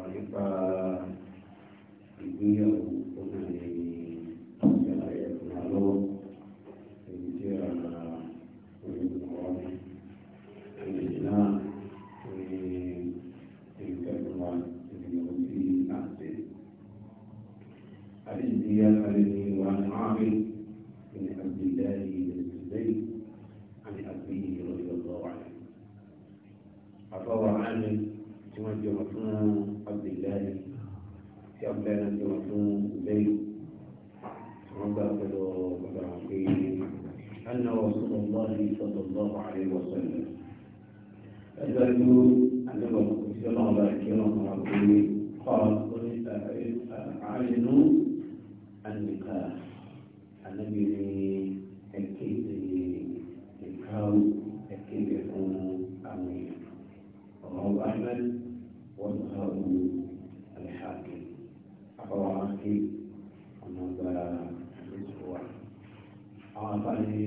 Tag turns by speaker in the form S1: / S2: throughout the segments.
S1: ọ̀rọ̀ nípa ìgbéyàwó obìnrin tí ọ̀pẹ náà tí wọ́n tún lẹ́yìn wọ́n gbà pẹ̀lú ọ̀gbà pé أن رسول الله صلى الله عليه وسلم أدرك أنه صلى الله عليه وسلم قال أعلنوا النكاح النبي أكيد نكاح أكيد يكون أمير رواه أحمد وصحابه àbáwá ké ọ̀nà gba àdéhùn wa àwọn abáyé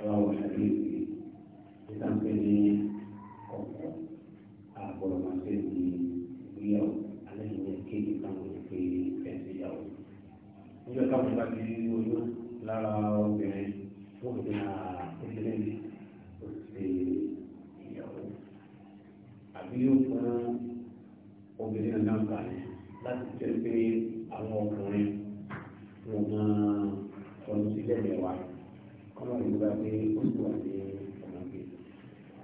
S1: ọ̀rọ̀ wà láyé ìwé nígbà di ìgbéyàwó alẹ́ ìwé kéèké táwọn ìpè fẹ́ sí ìyàwó. níjọ́ táwọn ìbá lára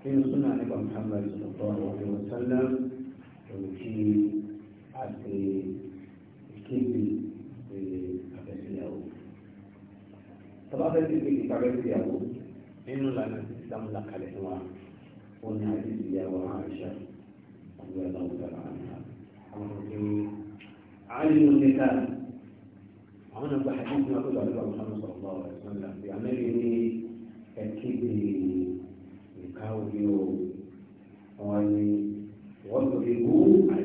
S1: في صنع نبي محمد صلى الله عليه وسلم وفي عبد الكبي بعبد اليهود طبعا هذا الكبي بعبد اليهود إنه لنا دم لك عليه ما ونعيد بيا وعائشة رضي الله تعالى عنها عالم النكال أنا في ما قلت عن محمد صلى الله عليه وسلم بعمله كبي láwùjọ wọn ni wọ́n tó fi wú àyè.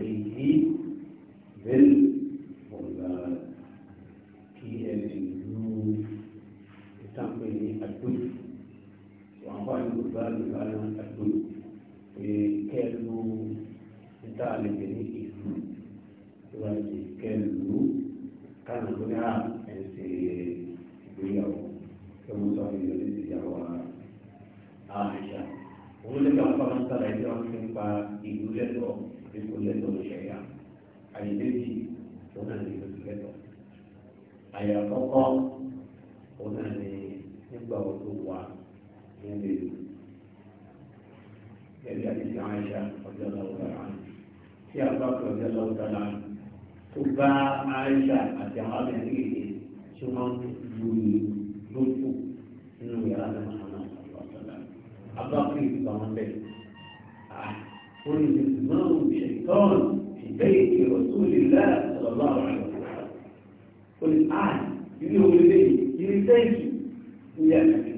S1: àyà kọ́kọ́ òun náà ni nígbà ọdún wa nílé ẹ̀rí àdìsí àyà ọjọ́ lọ́wọ́ tààrà tí a bá pè ọjọ́ lọ́wọ́ tààrà tó bá àyà àti àwọn abẹ́rẹ́ èdè tí wọ́n lu lóko nínú yàrá náà sọ̀rọ̀ ọ̀tọ̀lá abákùn ìgbà wọn bẹ́ẹ̀ ó ní ìgbìmọ̀ òṣèlú tọ́ọ̀nù ìgbẹ́ ìgbẹ́ òṣèlú ìlà sọ̀rọ̀ lọ́wọ́ àyọ̀ olè áì ilé olè ilé sẹ́ǹtì ní ẹ̀ẹ́dì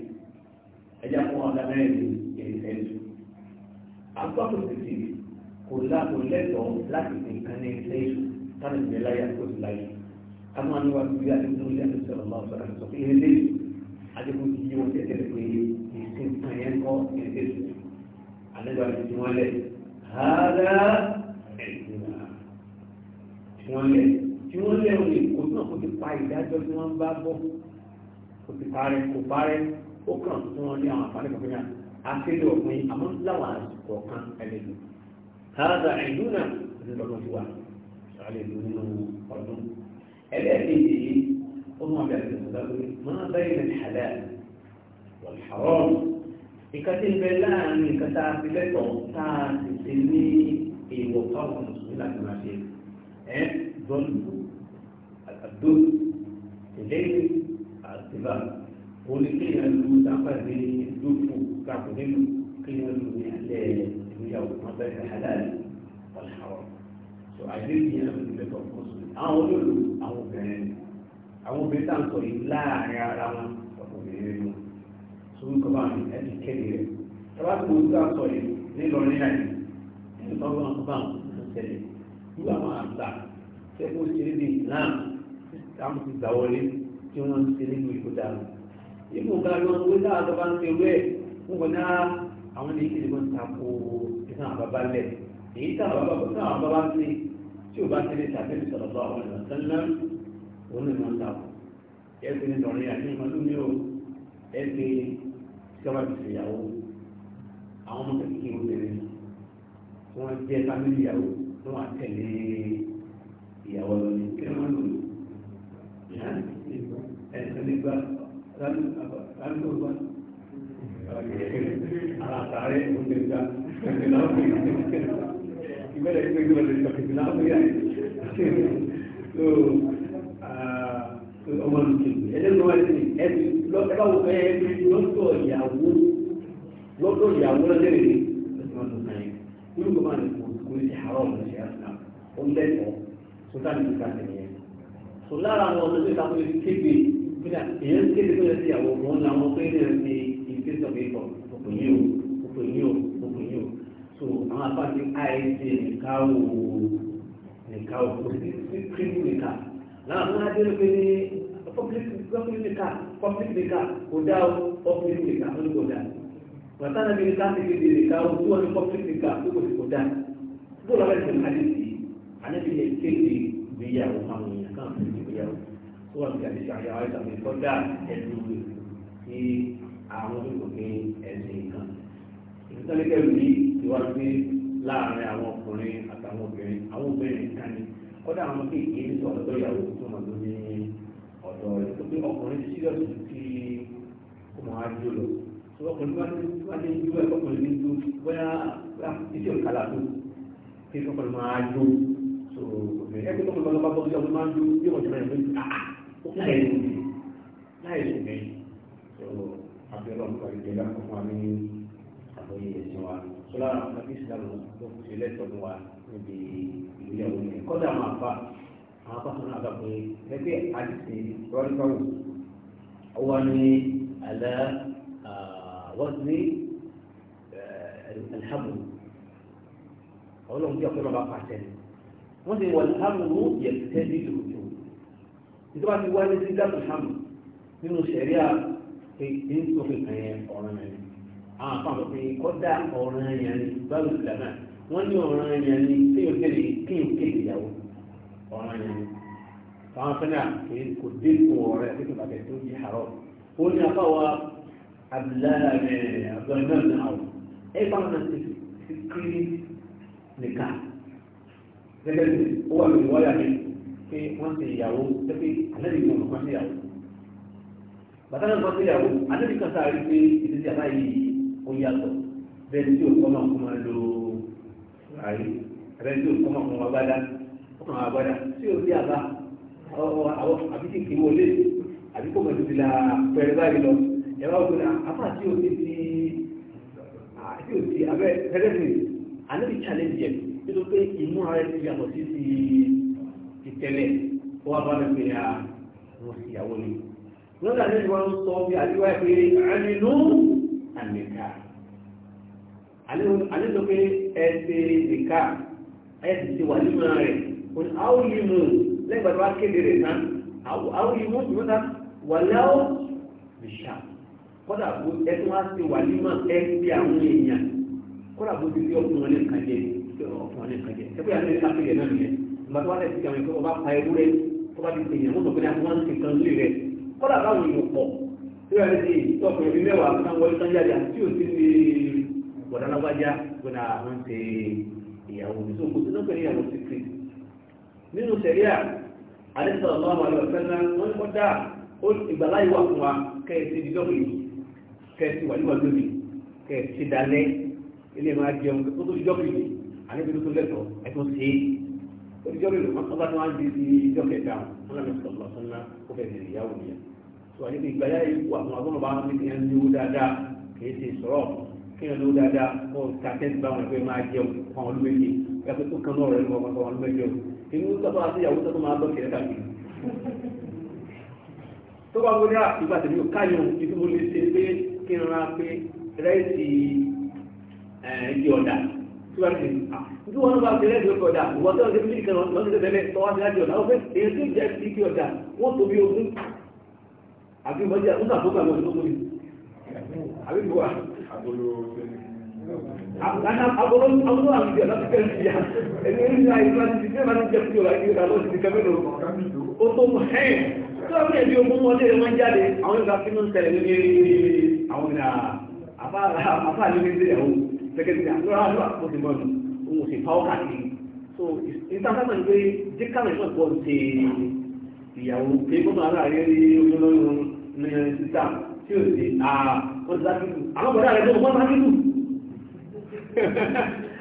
S1: ẹ̀já fún ọ̀dà mẹ́rin ilé sẹ́ǹtì. àgbàdo tètè kò láàbò lẹ́tọ̀ọ́ láti fi nǹkan ní sẹ́ǹtì táwọn ìgbẹ́ láyé àkóso láyé káwọn àníwá ti gbé àdéhùn ní àti sọ̀rọ̀ máa sọ̀rọ̀ àti sọ̀rọ̀ ilé sẹ́ǹtì àdéhùn ti yé wọn tẹ́tẹ́ pé ìsìn kan yẹn kọ́ tiwọn lẹ̀ tiwọn lẹ̀ tiwọn lẹ̀ pa ìdájọ́ tí wọ́n bá bọ́ kò sì parẹ́ kò parẹ́ ó kàn fún wọn ní àwọn àǹfààní kankan náà akéde ọ̀pin àmọ́ láwọn àsìkò kan ẹlẹ́nu káàdà ìlú náà ti lọ́dún sí wa sàlẹ̀ ìlú nínú ọdún ẹlẹ́ẹ̀kejì yìí ó mọ̀ bí àti ìsọ̀dá pé máa bẹ́ẹ̀ ní halal wal haram ìkàtí ń bẹ láàrin ìkàtà àfilẹ́tọ̀ tá a sì ti ní èèwọ̀ fáwọn mùsùlùmí láti máa ṣe ẹ́ dọ́lù àdó eléyìí àtìbà oníkéèyàn lu dápàdé lófò káàkó nínú kéèyàn lu ní alẹ́ ìgbéyàwó wọn bẹ́ẹ̀ ní aláàlẹ́ ọ̀làwọ̀ tó àdéhùn yẹn ló lè tọ̀ fún sùn àwọn olóòlù àwọn obìnrin àwọn obìnrin tá à ń sọ yìí láàárín ara wọn ọkùnrin rẹ wọn tó ń kọ́ bá mi ẹni kéde rẹ tọ́ba tó ń gbà sọ yìí nílọrin náà ẹni tọ́ba wọn kọ́ bá táwọn ti gbà wọlé tí wọ́n ti nínú ìlú dànù. Ibù ká lọ wí náà tó bá ń ṣe wẹ́ẹ̀ ń wọ náà àwọn ní ìdílé wọn ta ko ìtàn àbábá lẹ̀. Èyí tá àwọn bàbá ń ṣe tí ò bá ti lè tàbí sọ̀rọ̀ bá àwọn ìlànà sẹ́lẹ̀ òun ni wọ́n ta ko. Ẹ ti ní dọ̀rin àti ìmọ̀lú mi ò ẹ ti sábà ti ṣèyàwó. Àwọn ọmọ kékeré obìnrin tí wọ́n jẹ́ fámìlì ìyàwó tí àtẹ̀lé ìyàwó lọ́ni kí wọ́n lò ẹ̀sìn nígbà ránúgbà àràtàrẹ òṣèlú kẹfìláwò ìbẹ̀rẹ̀ ìgbẹ́ ìgbẹ́ ìgbẹ́ kẹfìláwò yá ọmọ nìkejì ẹ̀dẹ́gbẹ́ wáyé ni ẹ̀sìn lọ́kọ̀ ẹ̀ẹ́dẹ́ lọ́kọ̀ ìyàwó lọ́dọ̀ ìyàwó lọ́dẹ̀rẹ̀ ní ọdún náà kúrò kọ́ máa ní kò ní ṣe àárọ̀ ọ̀nà ṣe àṣà ó lẹ́kọ̀ọ́ tó tá ní ìta tẹ̀lé tò lára àwọn ọ̀nà tó ìtàkùn ìlú kéde nígbà èèyàn kéde tó yẹ sí àwọn ọmọ ńlá wọn pé ní ẹni ìdílé sọ pé kọ òkò yìí o òkò yìí o òkò yìí o tó àwọn afáàfin àìsí nìka o nìka o kò sí sí kírímù nìka lára àwọn adéèrè pé ní public public nìka public nìka kò dá o public nìka ó ní kò dá bàtà náà nìka ti kéde nìka o tó wọn ní public nìka ó kò sí kò dá bó lọ́wọ́ ẹ̀sìn àdéhìí àdéhìí yẹ kéde ìgbéyàwó àwọn èèyàn kan fún ìgbéyàwó tó wà nígbà tí sàyà wáyé tàbí kọjá ẹnu rẹ ní àwọn olùkọ́kẹ́ ẹ̀sìn kan. ìfúnṣẹ́lẹ́kẹ́ mi ti wá sí láàárín àwọn ọkùnrin àtàwọn obìnrin àwọn obìnrin kan ni kọ́dà àwọn kéèké ní sọ̀rọ̀ tó yàwó tó mọ̀ tó ní ọ̀dọ́ rẹ̀ tó pé ọkùnrin sílẹ̀ tó ti kó mọ̀ á jò lọ ọkùnrin bá ní ju ẹ̀kọ́ ọkùnrin ní ju bóyá iṣẹ́ òkàlà tó kí ọkùnrin máa jó so ẹgbẹ́ tó kọ́ lọ́pàá bọ́ọ̀lù ọdún máa ń dún yóò jẹ́ mẹ́rin lórí láì sùn mí láì sùn mí so abẹ́rẹ́ ọ̀nà kan ìjẹ́lá fún wa ní àbọ̀yé ẹ̀sìn wa so lára àwọn akẹ́kẹ́ ìsìlámù ló fi lẹ́tọ̀ọ́ wa níbi ìgbéyàwó yẹn kọ́dà àwọn àfa àwọn àfa fún àgbà pé ẹgbẹ́ àdìsí rọ́lífàwù ó wà ní àlá wọ́n ní alhamdu ọlọ́run bí ọ̀pẹ́ lọ́ba pàṣẹ ni. wọ́n ti wọ̀n hàmùrù yẹ̀tẹ́lì lòjò ìjọba ti wáyé sí dákùn hàmù nínú sẹ̀ríà ní òfin kan yẹn ọ̀ràn yẹn àwọn àpamọ́ pé kọ́dà ọ̀ràn yẹn ni báwo ti dàgbà wọ́n ní ọ̀ràn yẹn ni kéèyàn kéde kéèyàn kéde ìyàwó ọ̀ràn yẹn ni àwọn fẹ́nà kò dé kó ọ̀rẹ́ àti kòtà kẹ́ tó di àárọ̀ ó ní afáwa abdullahi abdullahi náà ẹ bá wọn ti kiri nìkan. gẹ́gẹ́ bí ó wà lórí wáyà mi pé wọ́n ti ìyàwó pé àlẹ́bí kan kan sí ìyàwó bàtà náà kan sí ìyàwó àlẹ́bí kan sáà rí pé ìdílé àbá yìí ó yàtọ̀ bẹ́ẹ̀ tí òkú ọmọ kó máa lo àyè bẹ́ẹ̀ tí òkú ọmọ kó máa gbádá ó kàn máa gbádá tí ò sí àbá àbí kìkì wọlé àbí kò mọ̀tò ti la pẹ̀lú báyìí lọ ẹ wá wọlé àbá tí ò sí ti tí ò sí abẹ́ gẹ́gẹ́ bí àlẹ́bí challenge yẹn nítorí pé ìmúra rẹ ti yàtọ̀ sí ti ti tẹ́lẹ̀ ó wá bá mi pè á mo sì yàwó ni lọ́dà ní ìwà ń sọ bí àdúrà pé àmìnú àmìká àlejò pé ẹsẹ̀ nìka ẹsẹ̀ ti wà nínú rẹ̀ òní àwọn yìí mú lẹ́gbàá tó wá kéde rẹ̀ tán àwọn yìí mú ìmúta wà láwọ́ bìṣà kódà bó ẹtún wá sí wà nínú ẹgbẹ́ àwọn èèyàn kódà bó ti fi ọkùnrin kan jẹ́ ọ̀rọ̀ fún ọ̀nà ìkàjẹ́ ẹgbẹ́ yàtọ̀ ní káfíńgẹ̀ náà nìyẹn ìgbà tó wà lẹ́sí ìjàmẹ́ pé ọba pa ewúrẹ́ tó bá ti pè yàn mọ́tò pé ní àwọn ti kan lórí rẹ̀ kọ́dà báwọn èèyàn pọ̀ tó yà lẹ́sí tọkùnrin bíi mẹ́wàá tó ń wọlé tán jáde àti òsì ní bọ̀dálágbájá gbọ́dà àwọn ti ìyàwó mi tó kò tó lọ́pẹ̀ níyàwó ti fi nínú sẹ̀ríà àdéṣọ́ ọ̀lọ́wọ́ àlọ́ fẹ́lá wọ́n kọ́ dá ìgbàláyé wà fún àníbi tó lẹ́tọ̀ ẹ tó ṣe é oníjọ́ lè lò wọ́n bá tó wá di di ìjọ kẹta wọn làmì sọ̀rọ̀ sọ́nà ó fẹ́ bẹ̀rẹ̀ ìyàwó mi tó wà níbi ìgbàlá ìwú àwọn agbọ́nà bá wọn ní ẹni owó dáadáa kìí ṣe sọ̀rọ̀ kí ẹni owó dáadáa kọ́ tàtẹ́ǹtì báwọn ẹgbẹ́ máa jẹun fún àwọn olúmẹ́jẹ yàtọ̀ tó kan náà rẹ̀ lọ́wọ́ fún àwọn olúmẹ́jẹ inú tọ́tọ́ àti ìyàwó tọ́tọ́ máa bọ́ kẹ̀kẹ́ kàkiri tó bá wọlé àtìgbà tèmi káyọ̀ ibi lè ṣe pé kí síwájú ní ìdí wọn bá tẹ́lẹ̀ ìdí ọ̀dà ìwọ̀n tó ọ̀dẹ́ mílíkì kan lọ́dún tó tẹ́lẹ̀ tọ́wọ́ sí láti ọ̀dà ó fẹ́ èyí tó jẹ́ sí kí ọ̀dà wọ́n tó bí ogún àbí ìmọ̀jẹ́ àtúntà tó gbà lọ́dún tó tó ní àbí ìwà àbọ̀lọ́ àwọn àwọn ìdí ọ̀dà ti fẹ́ sí ya ẹni ẹni ní àyíká ti ti fẹ́ẹ́ máa ń jẹ́ sí ọ̀dà ìdí ọ̀dà lọ́sì ti kẹ́mẹ́ lọ́wọ́ ó tó mú ẹ̀ tó àwọn ẹbí ogún wọn léèrè máa ń jáde àwọn ìgbà sínú ń tẹ̀lé ní àwọn ìlà àbá àlè ní ìdíyàwó gẹ́gẹ́ bí àlọ́rà àlọ́ àkóso mọ́nu òun ò so ìtàkàtà ni pé jẹ́kàlẹ̀ náà pọ̀ ṣe ìyàwó pé gbọ́dọ̀ aláàrẹ rí olólùwọ̀n ní sísá tí ó ṣe àkọsákìtù àwọn bọ̀dá rẹ̀ tó kọ́sákìtù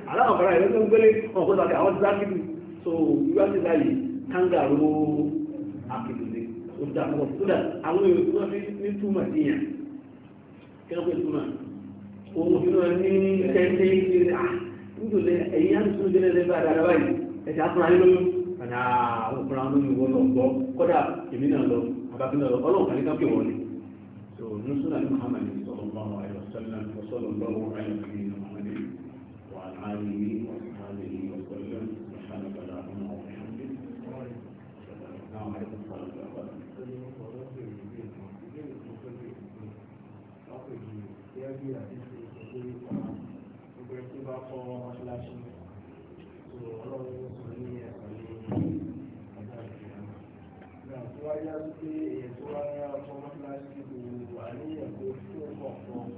S1: aláwọ̀ bọ̀dá so wíwá sí láyé kánga ro àkìtùlé ó dà pọ̀ sódà àwọn èrò tó wọ́n fi ní túmọ̀ òun Yeah, yeah wá kọ́ aṣáláṣí ọlọ́run sọ ní ẹ̀sán ní ọjà ìjọba. Ìgbà tó wá yá sí pé èyí wá yá ọkọ̀ aṣáláṣí kò wà ní ẹ̀kọ́ tó kọ̀ọ̀kan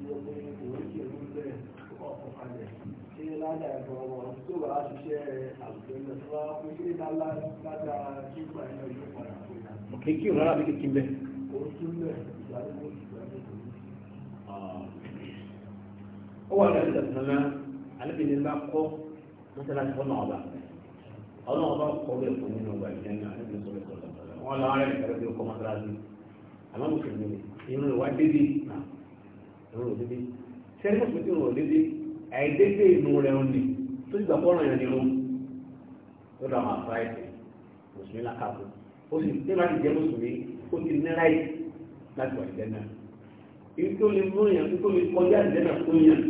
S1: ní ó pé kò ní kí ẹ̀rú bẹ́ẹ̀ tó kọ̀ọ̀kan kalẹ̀. Ṣé ládà ẹ̀kọ́ wọn tó wàá ṣiṣẹ́ àwùjọ lọ sí wa pé ṣé ládà kíkọ̀ ẹ̀yọ́ yóò padà kó yà. Òkè rárá bí kékin bẹ́ẹ̀. Òun tún bẹ́ẹ̀ ìgbà ó wà lórí ìdàgbàsánná alábìnrin bá kọ́ mọ́sálásí fọ́nà ọba ọlọ́run ọba kọ́ bẹ́ẹ̀ fún nínú ọgbà ìjẹun alábìnrin sọ̀rọ̀ sọ̀rọ̀ wọn lọ rẹ̀ kẹ́rẹ́ bí ọkọ̀ mọ́sálásí àmọ́ mùsùlùmí ni inú rẹ̀ wá dédé náà inú rẹ̀ dédé sẹ́yìn mùsùlùmí inú rẹ̀ dédé àìdédé inú rẹ̀ ń lè tó ti gbà fọ́nà yẹn nínú ó dà máa fa ẹ̀sìn mùsùlùmí lákàtó ó sì tí wọ́n ti mùsùlùmí ó ti ní láì láti wà ìjẹ́ náà ibi tó mú yẹn tó lè kọjá ìjẹ́ náà fún yẹn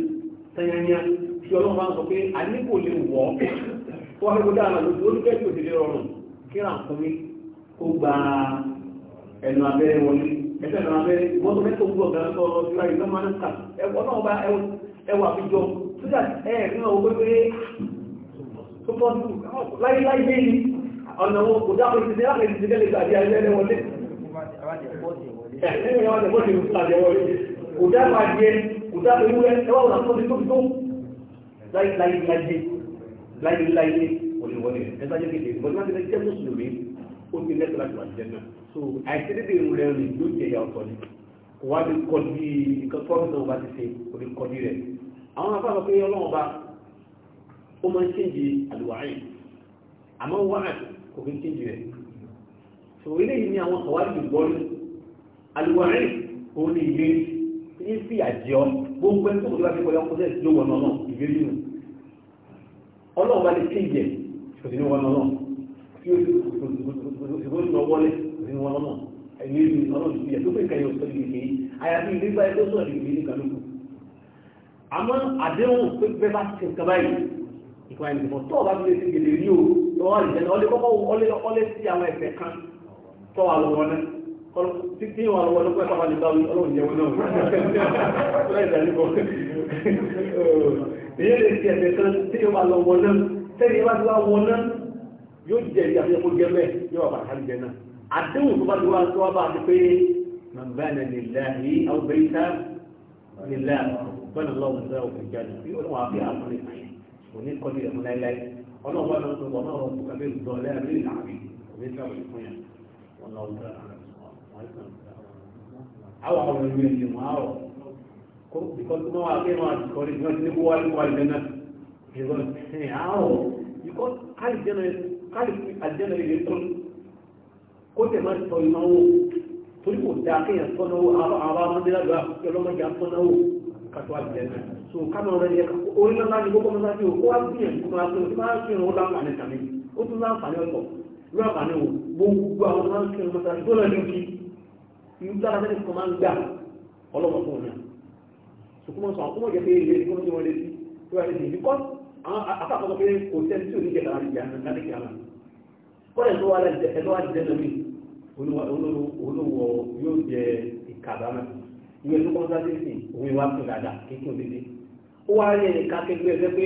S1: tẹ̀yẹ̀yẹ̀ tí ọlọ́run bá ń sọ pé àní kò lè wọ̀ ọ́ tó wá kó dára lójú ó ní kẹ́kẹ́ rọrùn fún mi kó gba ẹnu abẹ́rẹ́ wọlé ẹsẹ̀ ẹnu abẹ́rẹ́ tó gbọ́ sí lọ́mọ náà bá ẹwà àfijọ́ ẹ̀ tó pọ̀ láyé láyé ọ̀nà wọn kò dá ìgbà pẹ̀lú ẹwà wọn àtúntò ní tóbi tó láyé láyé láyé láyé olùwọlé ẹgbẹ́ ajé kéde ìgbọ́n láti lẹ́jẹ́ mùsùlùmí ó ti lẹ́tọ̀ láti wà jẹ́ náà so àìsídédé rẹ̀ rìn ló jẹ ìyá ọ̀tọ̀ ni kò wá lè kọ́ di nǹkan fọ́ọ̀mù náà bá ti ṣe kò lè kọ́ di rẹ̀ àwọn afáàfà pé ọlọ́run bá ó máa ń ṣèǹjì àlùwáyìn àmọ́ wáhàtì kò fi ń ṣèǹjì ní fi àjẹ́ ọ gbogbo ẹni tó kò tó bá fi pẹ̀lú ọkọ̀ sẹ́ẹ̀sì ló wọ̀ náà ìgbérí nù ọlọ́run bá lè kéjẹ kò sí ní wọn náà tí ó sì kò sí ọwọ́lẹ̀ kò sí ní wọn náà ẹ̀yìn ìlú ọlọ́run ti yẹ tó fẹ́ kẹyọ sọ ìgbèké àyàfi ìlú ìgbà ẹgbẹ́ sọ̀rọ̀ ìgbèké ní kálukú àmọ́ àdéhùn pé bẹ́ẹ̀ bá ti kàn báyìí ìkọ̀ ẹni tó tọ́ bá tilẹ̀ ti gèlè rí o títí ìwà lọ́wọ́ ló pẹ́ sábà nípa ọlọ́run jẹun náà láì dàníkọ̀ èyí lè ti ẹ̀sẹ̀ tán tí ìwà lọ́wọ́ náà tẹ́lẹ̀ ìwà tí wà wọ náà yóò jẹ́ ìyá fẹ́ kó jẹ́ bẹ́ẹ̀ yóò bá ká jẹ náà àdéhùn tó bá ti wá tó wá bá ti pé màbáyà níláàrí àwọn bẹ́ẹ̀ tá níláàrí bẹ́ẹ̀ lọ́wọ́ sọ́dọ̀ òfin jáde bí ọlọ́wọ́ àfi àwọn oníkọ́ni ẹ̀mú àwọn ọmọ ìwé ìlú wọn àwọ̀ kọ́ tó máa wà pé wọn àti kọ́rí wọn ti ní kó wá ní wà lẹ́nà ìwọ̀n àwọ̀ ikọ́ kálìjẹ́nà ilé tó kó tẹ̀ máa sọ ìnáwó torí kò dáa kéèyàn sọ́náwó àwọn ọmọdé ọlọ́mọdé àsọ́náwó kàtó àjẹ́nà so kámẹ́rọ̀ rẹ̀ yẹ orí lọ́la ní gbogbo mọ́lá tí ó wá gbìyànjú máa tó tí máa kírun ó láǹfààní tàbí ó tún láǹfààní ọ̀tọ̀ lọ́ọ̀fààní wo gbogbo àwọn máa ń ìgbára mẹ́rin kan máa ń gbà ọlọ́mọ fún òun sùkúmọ̀ sọ àkúmọ̀ jẹ́ pé ilé ìkọ́nà tí wọ́n lé sí tó wà lẹ́sìn bíkọ́ àkàkọ́ pé kò sẹ́ni tí ò ní jẹ́ kàrà nìjà nàní kí a máa kọ́lẹ̀ tó wà lẹ́sẹ̀ ẹ̀ lọ́wọ́ àdìjẹ́ nàmí olówó yóò jẹ ìkàbámà ìwé tó kọ́ńtà sí sí òun ìwà tó dáadáa kí kí o dédé ó wá rí ẹ̀ka kékeré ẹgbẹ́ pé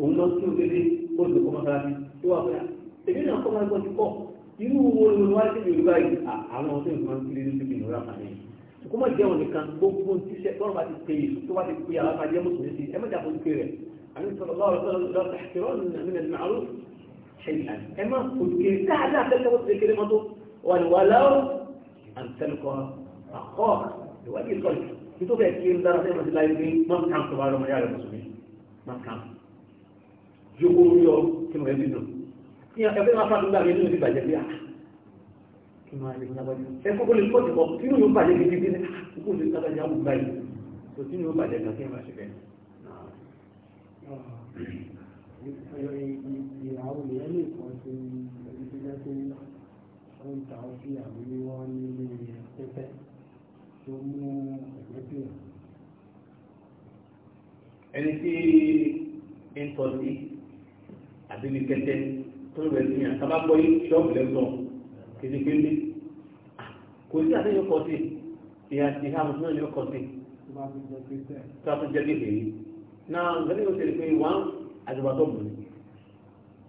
S1: òun lọ sí o dédé ó lè kọ́ mọ́tàlá irú wo ni wọ́n ti lè gba yìí àwọn ọdún ìgbà ń kiri níbi ìlú rápa ní kó má jẹun nìkan gbogbo ti ṣe tọ́lọ́ bá ti pè é tó bá ti pè é alábàájẹ mùsùlùmí sí ẹ má jàpọ̀ ti pè rẹ̀ àmì sọ̀rọ̀ lọ́wọ́ sọ̀rọ̀ lọ́wọ́ tàkìrọ̀ nínú ẹ̀dùn àrùn ṣẹlẹ̀ ẹ má òkè dáadáa fẹ́ẹ́ tẹ́wọ́ ti kéré mọ́tò wà ní wàhálà ó àǹtẹ̀lùkọ́ àkọ́ ìwádìí sọ̀rọ̀ nítorí ẹ̀ kí n dára fẹ́ẹ́ mọ̀tí láyé ní mọ́tàn tó bá rọmọ yára mùsùlùmí mọ́tàn yóò kó rí ọ kí mo rẹ̀ dídùn ní ẹgbẹ́ ah, máa fàdúgbà rẹ̀ lórí ìbàjẹ́ bí i máa rí lábájú ẹkọ́ kó lè pọ̀ jùpọ̀ tí ó yóò bàjẹ́ gidi gidi kó lè lábájú àwọn ìgbà yìí tó tí ó bàjẹ́ kan kí máa ṣe bẹ́ẹ̀. ìyàwó ìyá lè pọ̀ sí ẹni tó jẹ́ pé ó ń ta ọtí àbí wọ́n nílé pẹ́pẹ́ tó mú tí ń tọ́ sí àbí tó rẹ̀ ní àtàbà gbọ́ yí ṣọ́ọ̀bù lẹ́gbọ̀n kéjepéjé kò sí àtẹ́yọ kọ sí ìyá ti ha mọ̀ náà ni ó kọ sí tó a tún jẹ́ kéde yìí náà nǹkan yóò ṣẹlẹ̀ pé wọ́n àjọba tó bùn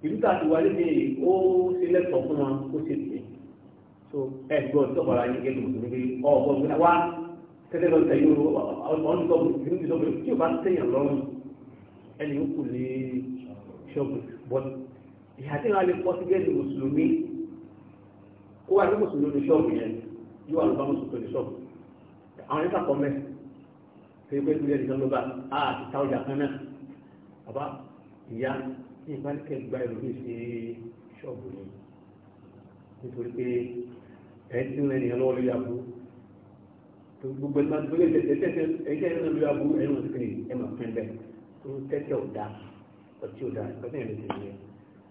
S1: ìlú tá a ti wáyé ní ó ṣe lẹ́tọ̀ọ́ fún wọn ó ṣe tì so ẹ gbọ́ tọ́kọ̀ọ́ra yín kéde mùsùlùmí pé ọ̀gbọ́n mi wá tẹ́tẹ́ lọ tẹ̀ yóò ọ̀n tó bùn ìlú tó bùn tí o bá tẹ̀yàn lọ́rùn ẹni ó kù ní ṣọ́ọ̀bù bọ́ọ̀lù ìhà tí wọ́n lè pọ́ sí gẹ́gẹ́ mùsùlùmí kó wá ní mùsùlùmí ní ṣọ́ọ̀bù yẹn yóò wà ló bá mùsùlùmí ní ṣọ́ọ̀bù àwọn nípa kọ́ mẹ́rin pé pé ìpínlẹ̀ nìkan ló bá a àti táwùjà kan náà bàbá ìyá ní ìbánikẹ́ gba ìròyìn sí ṣọ́ọ̀bù yẹn nítorí pé ẹ̀ ti rìn ènìyàn lọ́wọ́ lórí àbú gbogbo ẹ̀ máa gbélé tẹ̀tẹ̀tẹ̀ ẹ̀jẹ̀ ẹ̀ lórí àbú ẹ̀ lọ́wọ́ sí ẹ̀ máa pín bẹ́ẹ̀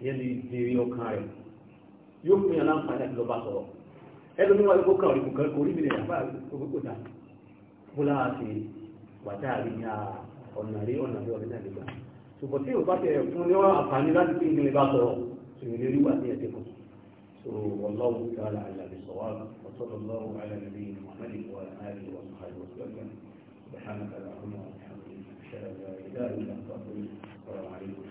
S1: yẹn lè dèrè ọkàn rẹ̀ yóò fún yàn láǹfààní àti lọ́ba sọ̀rọ̀ ẹlòmí wà lóko kan òrìkò kan orí mi rẹ̀ àbá òkú kò dà kó láwa ti wàdà rí ní ọ̀nà rí ọ̀nà rí ọ̀nà rí gbà ṣùgbọ́n tí òbá tẹ̀ fún ní wọ́n àǹfààní láti fi ìgbìmọ̀ bá sọ̀rọ̀ ṣùgbọ́n lórí wà ní ẹ̀dẹ́kùn so wallahu ta'ala àlàbí sọ̀wá وصلى الله على نبينا محمد وعلى اله وصحبه وسلم سبحانك اللهم وبحمدك اشهد ان لا اله الا انت استغفرك واتوب اليك